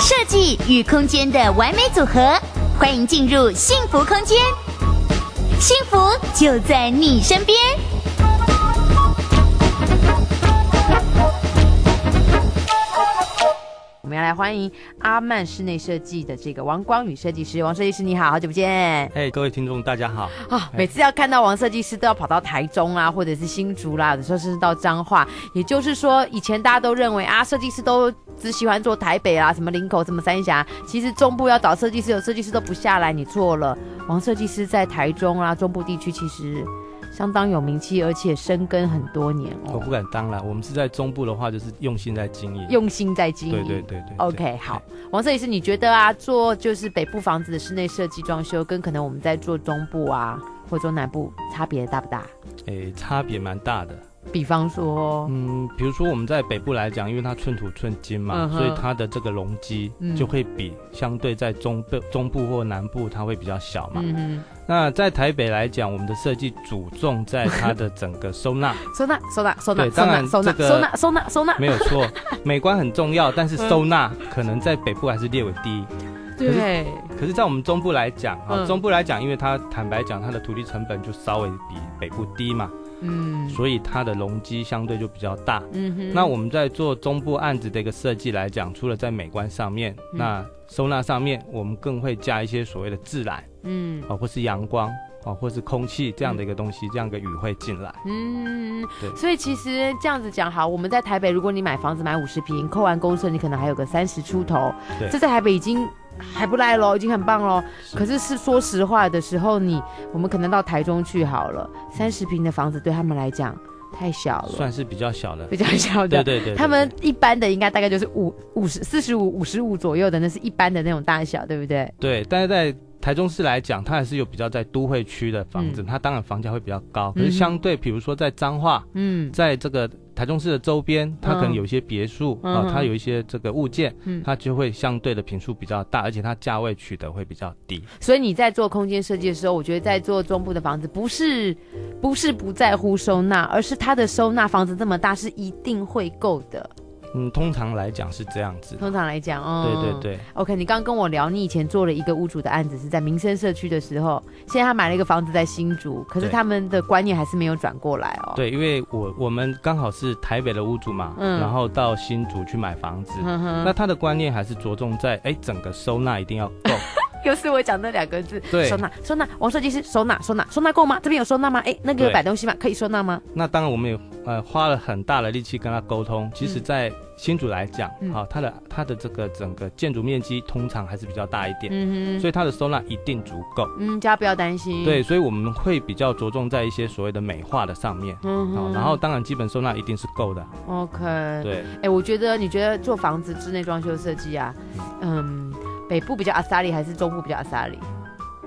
設計與空間的完美組合，歡迎進入幸福空間，幸福就在你身邊。歡迎阿曼室內設計的這個王光宇設計師，王設計師，你好好久不見。哎，Hey, 各位聽眾，大家好啊！哦、Hey. 每次要看到王設計師，都要跑到台中啊，或者是新竹啦、啊，有時候甚至到彰化。也就是說，以前大家都認為啊，設計師都只喜歡做台北啦、啊，什麼林口，什麼三峽。其實中部要找設計師，有設計師都不下來，你做了。王設計師在台中啊，中部地區其實相當有名氣，而且深耕很多年哦。我不敢當啦，我們是在中部的話，就是用心在經營，用心在經營。對對對對，OK，對對對好。王設計師，你覺得啊，做就是北部房子的室內設計裝修，跟可能我們在做中部啊，或者做南部差別大不大？誒、欸，差別蠻大的。比方說，嗯，比如說我們在北部來講，因為它寸土寸金嘛，所以它的這個容積就會比相對在中部、中部或南部它會比較小嘛。嗯，那在台北來講，我們的設計主重在它的整個收納，收納，收納，收納。當然收納收納，收納，收納，沒有錯。美觀很重要，但是收納可能在北部還是略為低。對。可是，在我們中部來講啊，中部來講，因為它坦白講，它的土地成本就稍微比北部低嘛。嗯，所以它的容積相對就比較大。嗯哼，那我們在做中部案子的一個設計來講，除了在美觀上面，嗯、那收納上面，我們更會加一些所謂的自然，嗯，啊，或是陽光，啊，或是空氣這樣的一個東西，嗯、這樣個雨會進來。嗯，對。所以其實這樣子講好，我們在台北，如果你買房子買五十坪，扣完公設，你可能還有個三十出頭。嗯、對，這在台北已經。還不賴嘍，已經很棒嘍。是可是是說實話的時候你，你我們可能到台中去好了。三十坪的房子對他們來講太小了，算是比較小的，比較小的。對，對對對。他們一般的應該大概就是五五十四十五五十五左右的，那是一般的那種大小，對不對？對。但是在台中市來講，它還是有比較在都會區的房子，嗯、它當然房價會比較高。可是相對，比、嗯、哼如說在彰化，嗯，在這個。台中市的周邊，它可能有一些別墅、嗯、啊，它有一些這個物件，嗯、哼它就會相對的坪數比較大，嗯、而且它價位取得會比較低。所以你在做空間設計的時候，我覺得在做中部的房子，不是不是不在乎收納，而是它的收納房子這麼大是一定會夠的。嗯，通常來講是這樣子。通常來講，哦、嗯，對對對。OK，你剛剛跟我聊，你以前做了一個屋主的案子，是在民生社區的時候。現在他買了一個房子在新竹，可是他們的觀念還是沒有轉過來哦。對，對，因為我我們剛好是台北的屋主嘛，嗯，然後到新竹去買房子，嗯、哼那他的觀念還是着重在，哎，整個收納一定要夠。 又是我講那兩個字。對收納，收納王設計師，收納收納，收納夠嗎？這邊有收納嗎？哎、欸，那個有擺東西嗎，對可以收納嗎？那當然，我們也呃花了很大的力氣跟他溝通。其實，在新竹來講啊、嗯哦，他的他的這個整個建築面積通常還是比較大一點，嗯、哼所以他的收納一定足夠。嗯，大家不要擔心。對，所以我們會比較着重在一些所謂的美化的上面。嗯哼、哦，然後當然基本收納一定是夠的。OK。對。哎、欸，我覺得你覺得做房子室內裝修設計啊，嗯。嗯北部比較阿薩利還是中部比較阿薩利？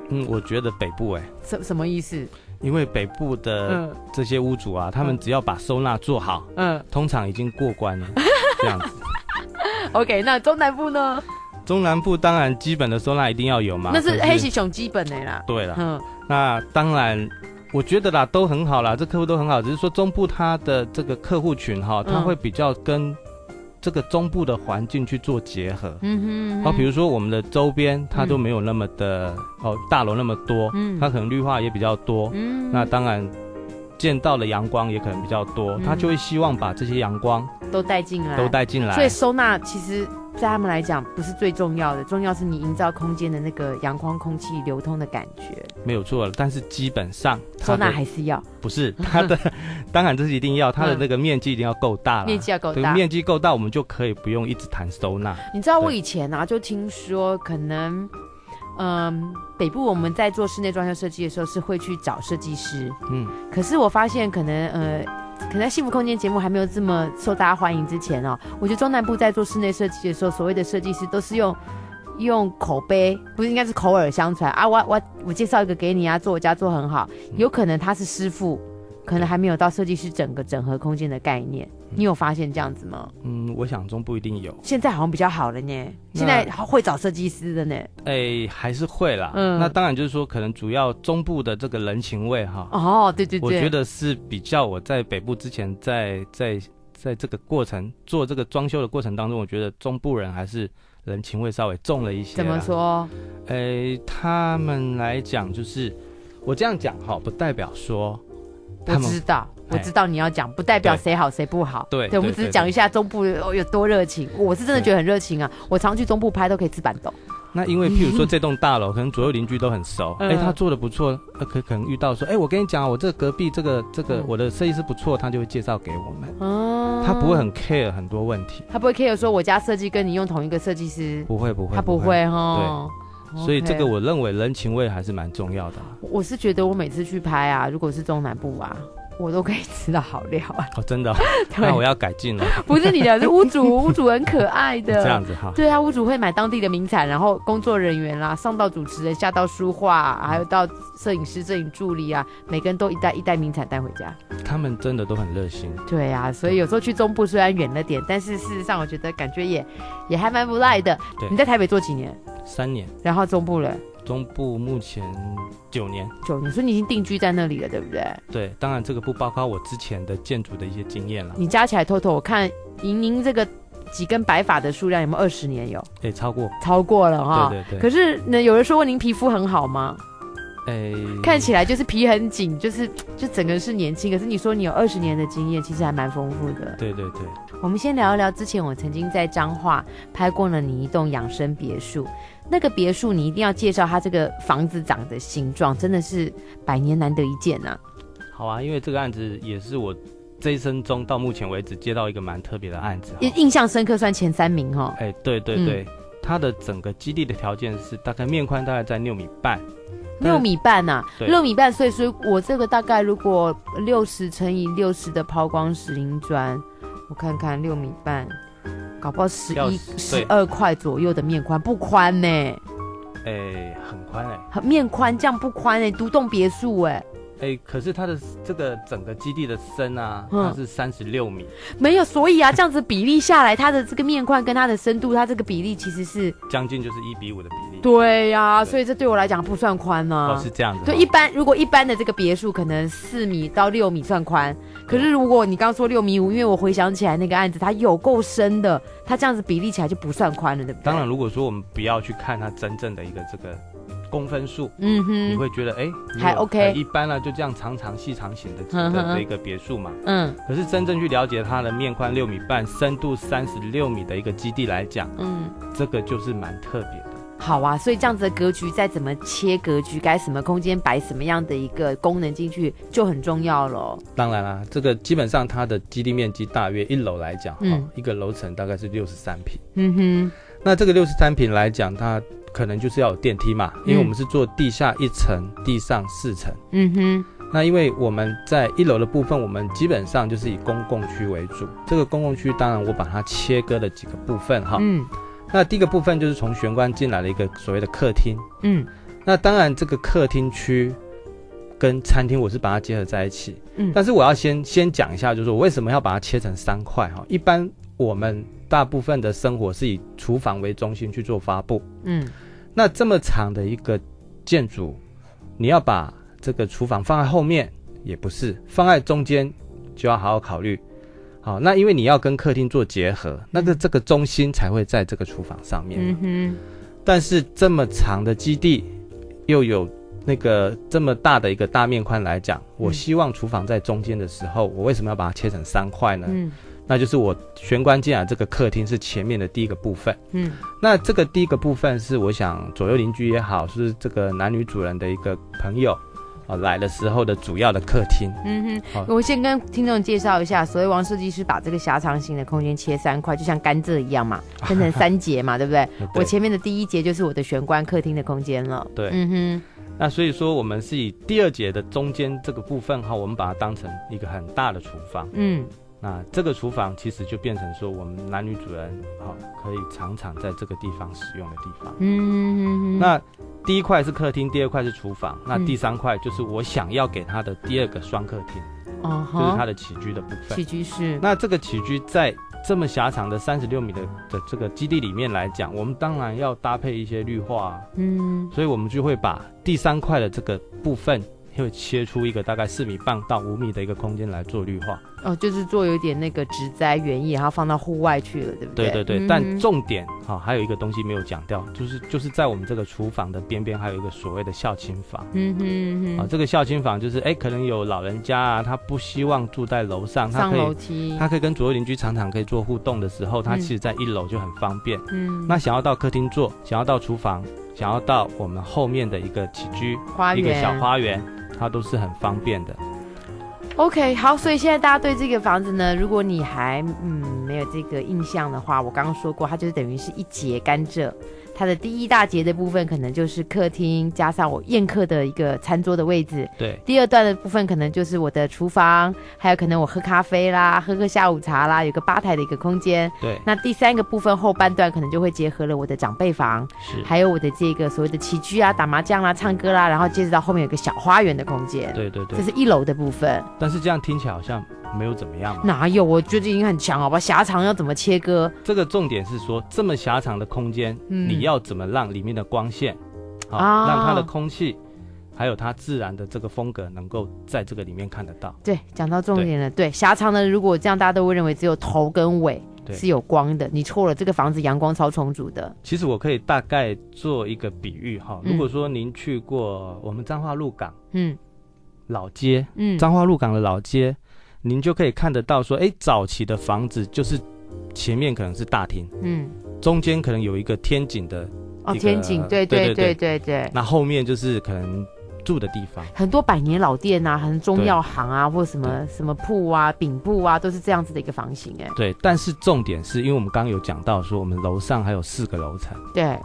嗯，我覺得北部哎、欸。什麼什麼意思？因為北部的這些屋主啊，嗯、他們只要把收納做好，嗯，通常已經過關了， 這樣子。 OK，那中南部呢？中南部當然基本的收納一定要有嘛。那是黑喜熊基本的啦。是嗯、對啦。嗯，那當然，我覺得啦都很好啦，這客戶都很好，只是說中部他的這個客戶群哈、哦，他會比較跟、嗯。這個中部的環境去做結合，嗯哼，嗯哼，好、啊、比如說我們的周邊它都沒有那麼的、嗯、哦大樓那麼多，嗯，它可能綠化也比較多，嗯哼，那當然見到的陽光也可能比較多，嗯、它就會希望把這些陽光都帶進來，都帶進來，所以收納其實。在他們來講不是最重要的，重要是你營造空間的那個陽光、空氣流通的感覺。沒有錯，但是基本上收納還是要。不是它的， 當然這是一定要，它的那個面積一定要夠大、嗯、面積要夠大，對，面積夠大，我們就可以不用一直談收納。你知道我以前啊，對就聽說可能，嗯、呃，北部我們在做室內裝修設計的時候是會去找設計師，嗯，可是我發現可能呃。嗯可能在幸福空間節目還沒有這麼受大家歡迎之前哦，我覺得中南部在做室內設計的時候，所謂的設計師都是用，用口碑，不是應該是口耳相傳啊，我我我介紹一個給你啊，做我家做很好，有可能他是師傅。可能還沒有到設計師整個整合空間的概念，嗯、你有發現這樣子嗎？嗯，我想中部一定有。現在好像比較好了呢，嗯、現在會找設計師的呢。哎、欸，還是會啦。嗯，那當然就是說，可能主要中部的這個人情味哈。哦，對對對、對，我覺得是比較我在北部之前在在在這個過程做這個裝修的過程當中，我覺得中部人還是人情味稍微重了一些。怎麼說？哎、欸，他們來講就是，嗯、我這樣講哈，不代表說。我知道，我知道你要講，不代表誰好誰不好。對，我們只是講一下中部有多熱情。我是真的覺得很熱情啊，我常去中部拍都可以吃辦桌。那因為譬如說這棟大樓，可能左右鄰居都很熟。哎，他做的不錯，可可能遇到說，哎，我跟你講，我這隔壁這個這個，我的設計師不錯，他就會介紹給我們。哦。他不會很 care 很多問題。他不會 care 說我家設計跟你用同一個設計師。不會不會。他不會哦。對。Okay. 所以這個我認為人情味還是蠻重要的，啊我，我是覺得我每次去拍啊，如果是中南部啊，我都可以吃到好料啊。哦，oh, 真的？ 對那我要改進了。 不是你的，是屋主， 屋主很可愛的。 這樣子哈。對啊，屋主會買當地的名產，然後工作人員啦，啊，上到主持人，下到書畫，啊，嗯、還有到攝影師、攝影助理啊，每個人都一袋一袋名產帶回家。他們真的都很熱心。對啊，所以有時候去中部雖然遠了點，對但是事實上我覺得感覺也也還蠻不賴的。對你在台北做幾年？三年，然後中部人，中部目前九年，九年，所以你已經定居在那裡了，對不對？對，當然這個不包括我之前的建築的一些經驗了。你加起來，偷偷我看，您您這個幾根白髮的數量有沒有二十年有？對、欸，超過，超過了哈、哦。對對對。可是呢，那有人說過您皮膚很好嗎？誒、欸，看起來就是皮很緊，就是就整個是年輕。可是你說你有二十年的經驗，其實還蠻豐富的。欸、對對對。我們先聊一聊之前我曾經在彰化拍過了你一棟養生別墅。那個別墅，你一定要介紹它這個房子長的形狀，真的是百年難得一見呐！好啊，因為這個案子也是我這一生中到目前為止接到一個蠻特別的案子，印象深刻，算前三名哦。哎，對對對，嗯，它的整個基地的條件是大概面寬大概在六米半，六米半吶，六米半，所以說我這個大概如果六十乘以六十的拋光石英磚，我看看六米半。搞不好十一、十二塊左右的面寬，不寬呢、欸。誒、欸，很寬誒、欸，面寬這樣不寬誒、欸，獨棟別墅誒、欸。哎、欸，可是它的這個整個基地的深啊，它是三十六米、嗯，沒有，所以啊，這樣子比例下來， 它的這個面寬跟它的深度，它這個比例其實是將近就是一比五的比例。對呀、啊，對，所以這對我來講不算寬呢、啊。哦，是這樣子。對，一般如果一般的這個別墅，可能四米到六米算寬。可是如果你剛剛說六米五，因為我回想起來那個案子，它有夠深的，它這樣子比例起來就不算寬了，對不對？當然，如果說我們不要去看它真正的一個這個。公分數，嗯哼，你會覺得哎，欸、還 OK、呃、一般呢就這樣長長細長型的、嗯、哼的、的一個別墅嘛，嗯，可是真正去了解它的面寬六米半，深度三十六米的一個基地來講、啊，嗯，這個就是蠻特別的。好啊，所以這樣子的格局再怎麼切格局，該什麼空間擺什麼樣的一個功能進去就很重要咯。當然啦、啊，這個基本上它的基地面積大約一樓來講，嗯、一個樓層大概是六十三坪，嗯哼，那這個六十三坪來講它。可能就是要有電梯嘛，因為我們是做地下一層，嗯、地上四層。嗯哼。那因為我們在一樓的部分，我們基本上就是以公共區為主。這個公共區，當然我把它切割了幾個部分哈。嗯。那第一個部分就是從玄關進來了一個所謂的客廳。嗯。那當然這個客廳區跟餐廳，我是把它結合在一起。嗯。但是我要先先講一下，就是我為什麼要把它切成三塊哈？一般我們大部分的生活是以廚房為中心去做發布。嗯。那這麼長的一個建築，你要把這個廚房放在後面也不是，放在中間就要好好考慮。好，那因為你要跟客廳做結合，那個這個中心才會在這個廚房上面。嗯哼。但是這麼長的基地，又有那個這麼大的一個大面寬來講，我希望廚房在中間的時候，嗯。我為什麼要把它切成三塊呢？嗯。那就是我玄關進來的這個客廳是前面的第一個部分，嗯，那這個第一個部分是我想左右鄰居也好，是這個男女主人的一個朋友，啊，來的時候的主要的客廳。嗯哼，哦、我先跟聽眾介紹一下，所謂王設計師把這個狹長型的空間切三塊，就像甘蔗一樣嘛，分成三節嘛， 對不對？對，我前面的第一節就是我的玄關客廳的空間了。對，嗯哼，那所以說我們是以第二節的中間這個部分哈，我們把它當成一個很大的廚房。嗯。那這個廚房其實就變成說，我們男女主人好、哦、可以常常在這個地方使用的地方。嗯。嗯嗯，那第一塊是客廳，第二塊是廚房，嗯、那第三塊就是我想要給他的第二個雙客廳，哦、嗯、就是他的起居的部分。起居室。那這個起居在這麼狹長的三十六米的的這個基地裡面來講，我們當然要搭配一些綠化，嗯。所以我們就會把第三塊的這個部分又切出一個大概四米半到五米的一個空間來做綠化。哦，就是做有點那個植栽園藝，然後放到戶外去了，對不對？對對對。嗯、哼但重點哈、哦，還有一個東西沒有講掉，就是就是在我們這個廚房的邊邊，還有一個所謂的孝親房。嗯哼啊、嗯哦，這個孝親房就是，哎，可能有老人家啊，他不希望住在樓上，他可以上樓梯。他可以跟左右鄰居常常可以做互動的時候，他其實在一樓就很方便。嗯。那想要到客廳坐，想要到廚房，想要到我們後面的一個起居花園，一個小花園，嗯、它都是很方便的。OK，好，所以現在大家對這個房子呢，如果你還嗯沒有這個印象的話，我剛剛說過，它就等於是一節甘蔗。它的第一大節的部分，可能就是客廳加上我宴客的一個餐桌的位置。對，第二段的部分，可能就是我的廚房，還有可能我喝咖啡啦，喝個下午茶啦，有個吧台的一個空間。對，那第三個部分後半段，可能就會結合了我的長輩房，是，還有我的這個所謂的起居啊，嗯、打麻將啦、啊，唱歌啦、啊，然後接着到後面有個小花園的空間。對對對，這是一樓的部分。但是這樣聽起來好像。沒有怎麼樣，哪有？我覺得已經很強，好吧？狹長要怎麼切割？這個重點是說，這麼狹長的空間，嗯、你要怎麼讓裡面的光線啊、哦，讓它的空氣，還有它自然的這個風格，能夠在這個裡面看得到？對，講到重點了。對,對，狹長的，如果這樣，大家都會認為只有頭跟尾是有光的，對你錯了。這個房子陽光超充足的。其實我可以大概做一個比喻哈、哦，如果說您去過我們彰化鹿港，嗯，老街，嗯，彰化鹿港的老街。您就可以看得到，說，哎、欸，早期的房子就是前面可能是大廳，嗯，中間可能有一個天井的，哦，個天井，對對對對對，對對，那後面就是可能住的地方。很多百年老店啊，很多中藥行啊，對或者什麼對什麼鋪啊、餅鋪啊，都是這樣子的一個房型，哎。對，但是重點是因為我們剛剛有講到說，我們樓上還有四個樓層。對。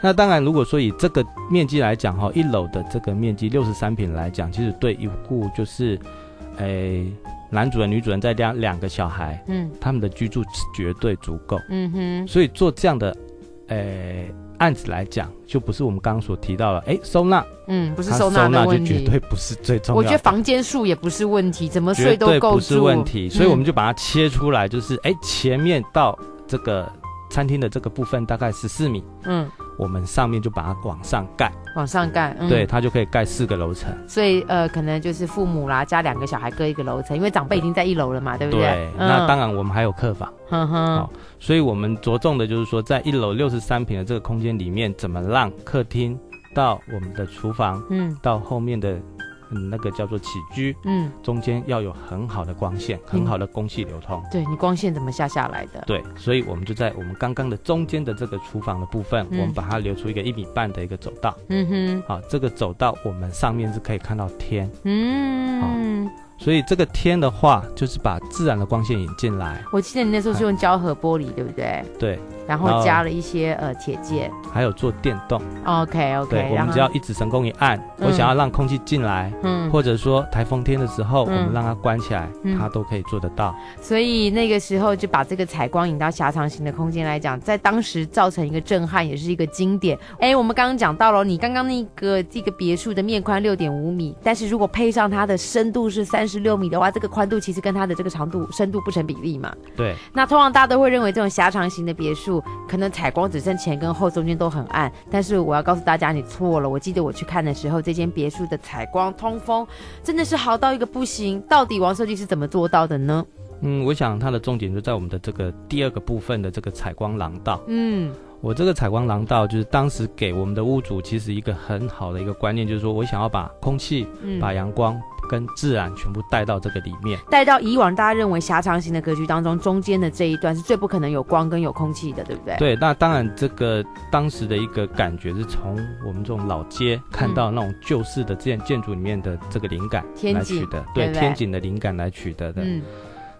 那當然，如果說以這個面積來講哈，一樓的這個面積六十三坪來講，其實對一戶就是，哎、欸。男主人、女主人，在這樣兩個小孩，嗯，他們的居住是絕對足夠，嗯哼。所以做這樣的，誒、欸，案子來講，就不是我們剛剛所提到了，誒、欸，收納，嗯，不是收納的問題，收納就絕對不是最重要。我覺得房間數也不是問題，怎麼睡都夠住。絕對不是問題，所以我們就把它切出來，就是，誒、嗯欸，前面到這個餐廳的這個部分大概十四米，嗯。我們上面就把它往上蓋，往上蓋，嗯、對，它就可以蓋四個樓層。所以，呃，可能就是父母啦，加兩個小孩各一個樓層，因為長輩已經在一樓了嘛，對不對？對，嗯、那當然我們還有客房。哼呵。哼、哦，所以我們着重的就是說，在一樓六十三平的這個空間裡面，怎麼讓客廳到我們的廚房，嗯，到後面的。嗯，那個叫做起居，嗯，中間要有很好的光線，嗯、很好的空氣流通，對，你光線怎麼下下來的？對，所以我們就在我們剛剛的中間的這個廚房的部分，嗯、我們把它留出一個一米半的一個走道。嗯哼，好、啊，這個走道我們上面是可以看到天。嗯，好、啊。所以這個天的話，就是把自然的光線引進來。我記得你那時候是用膠合玻璃，對不對？對，然後加了一些呃鐵件，還有做電動。OK OK，對，我們只要一指神功一按，我想要讓空氣進來，嗯，或者說颱風天的時候，我們讓它關起來，它都可以做得到。所以那個時候就把這個採光引到狹長型的空間來講，在當時造成一個震撼，也是一個經典。哎，我們剛剛講到了，你剛剛那個這個別墅的面寬六點五米，但是如果配上它的深度是三。三十六米的話，這個寬度其實跟它的這個長度、深度不成比例嘛。對。那通常大家都會認為這種狹長型的別墅，可能採光只剩前跟後，中間都很暗。但是我要告訴大家，你錯了。我記得我去看的時候，這間別墅的採光、通風真的是好到一個不行。到底王設計是怎麼做到的呢？嗯，我想它的重點就在我們的這個第二個部分的這個採光廊道。嗯，我這個採光廊道就是當時給我們的屋主，其實一個很好的一個觀念，就是說我想要把空氣、嗯、把陽光。跟自然全部帶到這個裡面，帶到以往大家認為狹長型的格局當中，中間的這一段是最不可能有光跟有空氣的，對不對？對，那當然這個當時的一個感覺是從我們這種老街看到那種舊式的建、嗯、建築裡面的這個靈感來取得，天井，對，對，對不對？天井的靈感來取得的。嗯，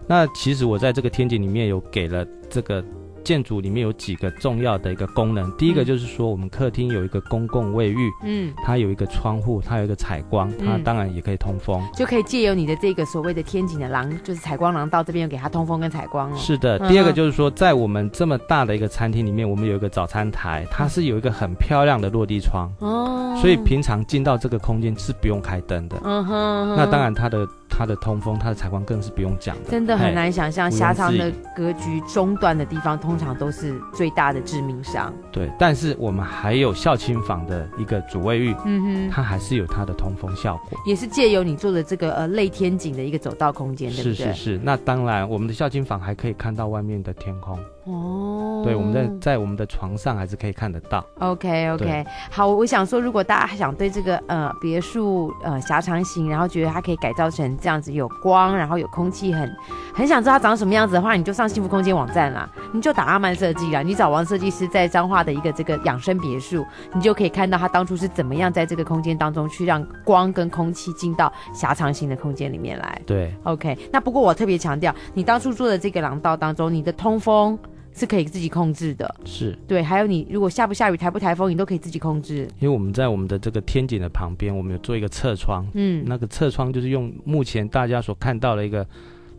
那其實我在這個天井裡面有給了這個。建築裡面有幾個重要的一個功能，第一個就是說，我們客廳有一個公共衛浴，嗯它，它有一個窗戶，它有一個採光，它當然也可以通風，嗯、就可以借由你的這個所謂的天井的廊，就是採光廊到這邊給它通風跟採光了、哦。是的，第二個就是說，在我們這麼大的一個餐廳裡面，我們有一個早餐台，它是有一個很漂亮的落地窗哦，嗯、所以平常進到這個空間是不用開燈的。嗯哼，那當然它的。它的通風，它的採光更是不用講。真的很難想象狹長的格局中段的地方，通常都是最大的致命傷。對，但是我們還有孝親房的一個主衛浴，嗯哼，它還是有它的通風效果，也是借由你做的這個呃類天井的一個走道空間，是，對不對？是是是，那當然，我們的孝親房還可以看到外面的天空。哦，oh, 對，我們在在我們的床上還是可以看得到。OK OK，對好，我想說，如果大家還想對這個呃別墅呃狹長型，然後覺得它可以改造成這樣子有光，然後有空氣很很想知道它長什麼樣子的話，你就上幸福空間網站啦，你就打阿曼設計啦，你找王設計師在彰化的一個這個養生別墅，你就可以看到他當初是怎麼樣在這個空間當中去讓光跟空氣進到狹長型的空間裡面來。對，OK，那不過我特別強調，你當初做的這個廊道當中，你的通風。是可以自己控制的，是對，還有你如果下不下雨，颱不颱風，你都可以自己控制。因為我們在我們的這個天井的旁邊，我們有做一個側窗，嗯，那個側窗就是用目前大家所看到的一個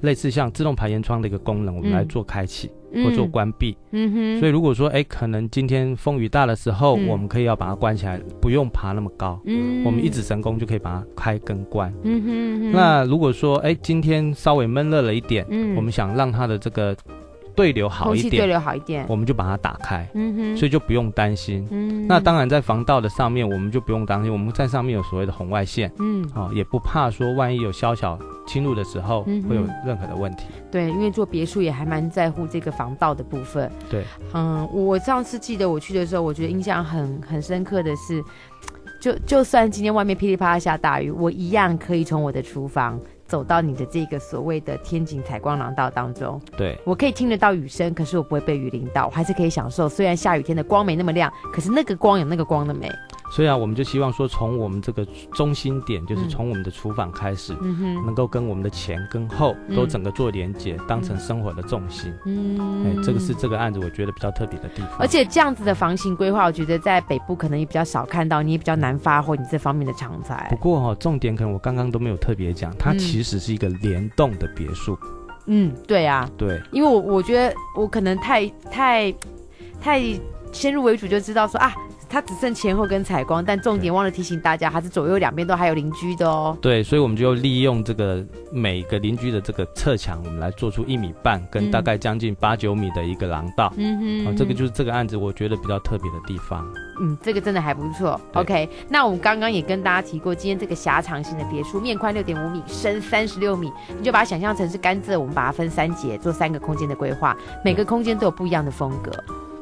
類似像自動排煙窗的一個功能，我們來做開啟或做關閉，嗯嗯，嗯哼。所以如果說哎、欸，可能今天風雨大的時候，嗯、我們可以要把它關起來，不用爬那麼高，嗯，我們一指神功就可以把它開跟關，嗯哼、哼。那如果說哎、欸，今天稍微悶熱了一點，嗯、我們想讓它的這個。對流好一點，空氣對流好一點，我們就把它打開，嗯、哼所以就不用擔心。嗯、哼那當然，在防盜的上面，我們就不用擔心。我們在上面有所謂的紅外線，嗯、哦，也不怕說萬一有宵小侵入的時候會有任何的問題。嗯、對，因為做別墅也還蠻在乎這個防盜的部分。對，嗯，我上次記得我去的時候，我覺得印象很很深刻的是，就就算今天外面噼里啪啦下大雨，我一樣可以從我的廚房，走到你的這個所謂的天井採光廊道當中，對，我可以聽得到雨聲，可是我不會被雨淋到，我還是可以享受。雖然下雨天的光沒那麼亮，可是那個光有那個光的美。所以啊，我們就希望說，從我們這個中心點，就是從我們的廚房開始，嗯嗯、哼能夠跟我們的前跟後、嗯、都整個做連接，當成生活的重心。嗯，哎、欸，這個是這個案子我覺得比較特別的地方。而且這樣子的房型規劃，我覺得在北部可能也比較少看到，你也比較難發揮你這方面的長才。不過哈、哦，重點可能我剛剛都沒有特別講，它其實是一個聯動的別墅嗯。嗯，對啊，對，因為我我覺得我可能太太太先入為主就知道說啊。它只剩前後跟採光，但重點忘了提醒大家，還對是左右兩邊都還有鄰居的哦。對，所以我們就利用這個每個鄰居的這個側牆，我們來做出一米半跟大概將近八九米的一個廊道。嗯哼、啊，這個就是這個案子我覺得比較特別的地方。嗯，這個真的還不錯。對 OK，那我們剛剛也跟大家提過，今天這個狹長型的別墅，面寬六點五米，深三十六米，你就把它想象成是甘蔗，我們把它分三節做三個空間的規劃，每個空間都有不一樣的風格。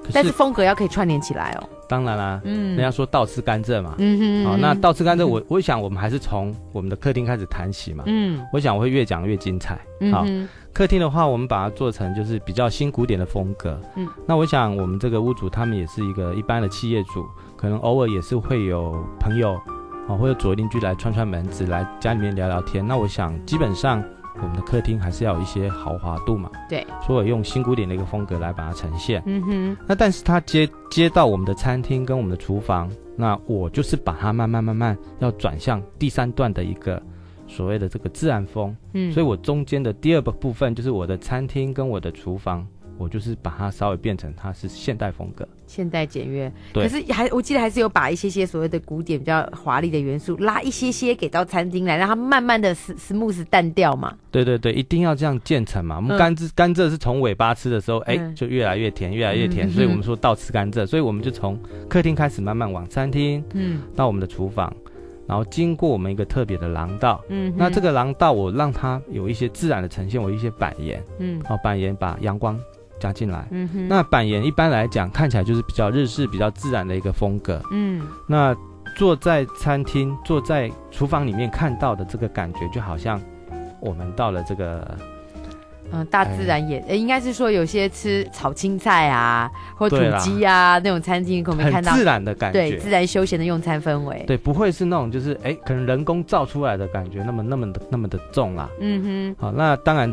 是，但是風格要可以串聯起來哦。當然啦、啊，嗯，人家說倒吃甘蔗嘛，嗯哼嗯好、嗯哦，那倒吃甘蔗我，我我想我們還是從我們的客廳開始談起嘛，嗯，哼嗯哼，我想我會越講越精彩。好，嗯、哼客廳的話，我們把它做成就是比較新古典的風格。嗯，那我想我們這個屋主他們也是一個一般的企業主，可能偶爾也是會有朋友，啊、哦，或者左鄰居來串串門子來家裡面聊聊天。那我想基本上。我們的客廳還是要有一些豪華度嘛，對，所以我用新古典的一個風格來把它呈現。嗯哼，那但是它接接到我們的餐廳跟我們的廚房，那我就是把它慢慢慢慢要轉向第三段的一個所謂的這個自然風。嗯，所以我中間的第二個部、部分就是我的餐廳跟我的廚房。我就是把它稍微變成它是現代風格，現代簡約。對可是還我記得還是有把一些些所謂的古典比較華麗的元素拉一些些給到餐廳來，讓它慢慢的 s, smooth 淡掉嘛。對對對，一定要這樣漸層嘛。我們甘蔗、嗯、甘蔗是從尾巴吃的時候，哎、欸，就越來越甜，越來越甜。嗯、所以，我們說倒吃甘蔗，嗯、哼所以我們就從客廳開始慢慢往餐廳，嗯，到我們的廚房，然後經過我們一個特別的廊道，嗯哼，那這個廊道我讓它有一些自然的呈現，我一些板岩，嗯，哦，板岩把陽光。加進來，嗯哼，那板岩一般來講看起來就是比較日式、比較自然的一個風格，嗯，那坐在餐廳、坐在廚房裡面看到的這個感覺，就好像我們到了這個，嗯，大自然也，呃、應該是說有些吃炒青菜啊，或土雞啊啦那種餐廳，可能沒看到自然的感覺，對，自然休閒的用餐氛圍，對，不會是那種就是哎、欸，可能人工造出來的感覺那麼那麼的那麼的重啦，嗯哼，好，那當然。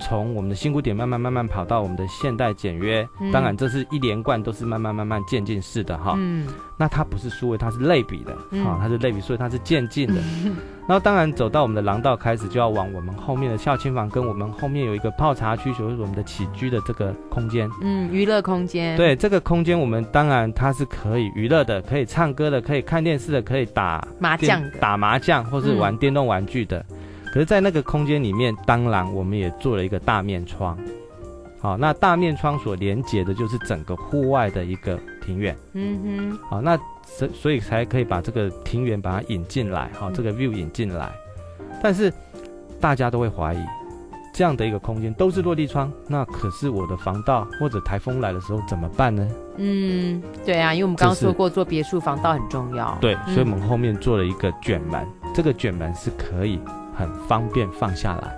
從我們的新古典慢慢慢慢跑到我們的現代簡約，嗯、當然這是一連貫，都是慢慢慢慢漸進式的哈。嗯，那它不是數位，它是類比的，啊、嗯，它是類比，所以它是漸進的。那、嗯、當然走到我們的廊道開始，就要往我們後面的孝親房跟我們後面有一個泡茶區，所以就是我們的起居的這個空間。嗯，娛樂空間。對，這個空間我們當然它是可以娛樂的，可以唱歌的，可以看電視的，可以打麻將，打麻將或是玩電動玩具的。嗯而在那個空間裡面，當然我們也做了一個大面窗，好，那大面窗所連接的就是整個戶外的一個庭院，嗯哼，好，那所所以才可以把這個庭院把它引進來，好，這個 view 引進來，嗯、但是大家都會懷疑，這樣的一個空間都是落地窗，嗯、那可是我的防盜或者台風來的時候怎麼辦呢？嗯，對啊，因為我們剛剛說過做別墅防盜很重要，對，所以我們後面做了一個捲門，嗯、這個捲門是可以。很方便放下來，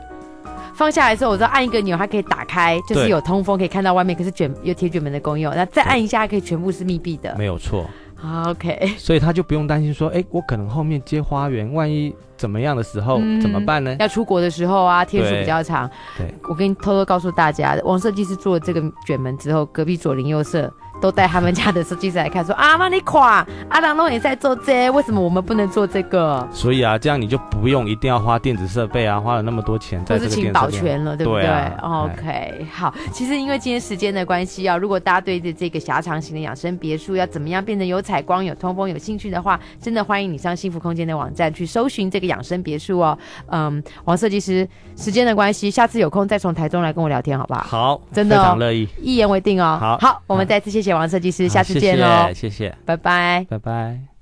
放下來的時候，我知道按一個鈕，它可以打開，就是有通風，對可以看到外面。可是卷有鐵卷門的功用，那再按一下，對它可以全部是密閉的，沒有錯。OK，所以他就不用擔心說，哎、欸，我可能後面接花園，萬一。怎麼樣的時候、嗯、怎麼辦呢？要出國的時候啊，天數比較長。對，對我跟你偷偷告訴大家，王設計師做這個卷門之後，隔壁左鄰右舍都帶他們家的設計師來看，說啊，媽你垮，阿郎龍也在做這個，為什麼我們不能做這個？所以啊，這樣你就不用一定要花電子設備啊，花了那麼多錢在這個電子設備上，就是請保全了，對不對？OK，好，其實因為今天時間的關係啊，如果大家對這這個狹長型的養生別墅要怎麼樣變成有採光、有通風有興趣的話，真的歡迎你上幸福空間的網站去搜尋這個。養生別墅哦，嗯，王設計師，時間的關係，下次有空再從台中來跟我聊天，好不好？好，真的哦，非常樂意，一言為定哦。好，好好我們再次謝謝王設計師，好下次見嘍，哦。謝謝，拜拜，謝謝拜拜。拜拜。